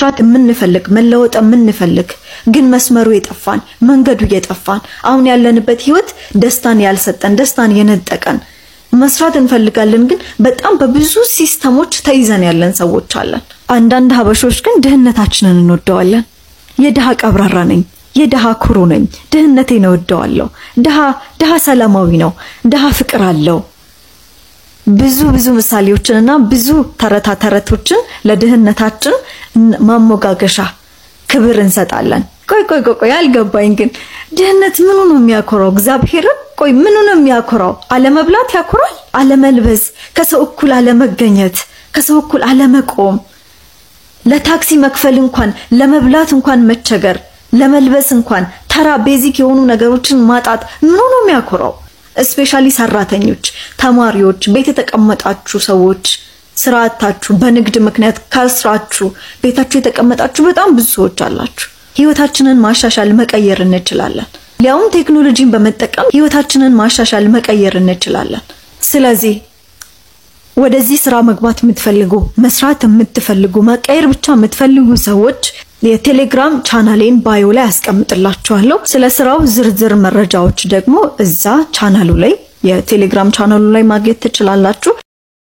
መስራት የምንፈልግ መለወጥ የምንፈልግ ግን መስመሩ የጠፋን መንገዱ የጠፋን አሁን ያለንበት ህይወት ደስታን ያልሰጠን ደስታን የነጠቀን መስራት እንፈልጋለን ግን በጣም በብዙ ሲስተሞች ተይዘን ያለን ሰዎች አለን። አንዳንድ ሀበሾች ግን ድህነታችንን እንወደዋለን። የድሃ ቀብራራ ነኝ፣ የድሃ ኩሩ ነኝ፣ ድህነቴን እወደዋለሁ። ድሃ ድሃ ሰላማዊ ነው፣ ድሃ ፍቅር አለው ብዙ ብዙ ምሳሌዎችን እና ብዙ ተረታ ተረቶችን ለድህነታችን ማሞጋገሻ ክብር እንሰጣለን። ቆይ ቆይ ቆይ አልገባኝ ግን ድህነት ምኑ ነው የሚያኮራው? እግዚአብሔርን ቆይ ምኑ ነው የሚያኮራው? አለመብላት ያኮራል? አለመልበስ፣ ከሰው እኩል አለመገኘት፣ ከሰው እኩል አለመቆም፣ ለታክሲ መክፈል እንኳን ለመብላት እንኳን መቸገር፣ ለመልበስ እንኳን ተራ ቤዚክ የሆኑ ነገሮችን ማጣት ምኑ ነው የሚያኮራው? እስፔሻሊ ሰራተኞች፣ ተማሪዎች፣ ቤት የተቀመጣችሁ ሰዎች ስራታችሁ በንግድ ምክንያት ከስራችሁ ቤታችሁ የተቀመጣችሁ በጣም ብዙ ሰዎች አላችሁ። ህይወታችንን ማሻሻል መቀየር እንችላለን። ሊያውም ቴክኖሎጂን በመጠቀም ህይወታችንን ማሻሻል መቀየር እንችላለን። ስለዚህ ወደዚህ ስራ መግባት የምትፈልጉ መስራት የምትፈልጉ መቀየር ብቻ የምትፈልጉ ሰዎች የቴሌግራም ቻናሌን ባዮ ላይ አስቀምጥላችኋለሁ። ስለ ስራው ዝርዝር መረጃዎች ደግሞ እዛ ቻናሉ ላይ የቴሌግራም ቻናሉ ላይ ማግኘት ትችላላችሁ።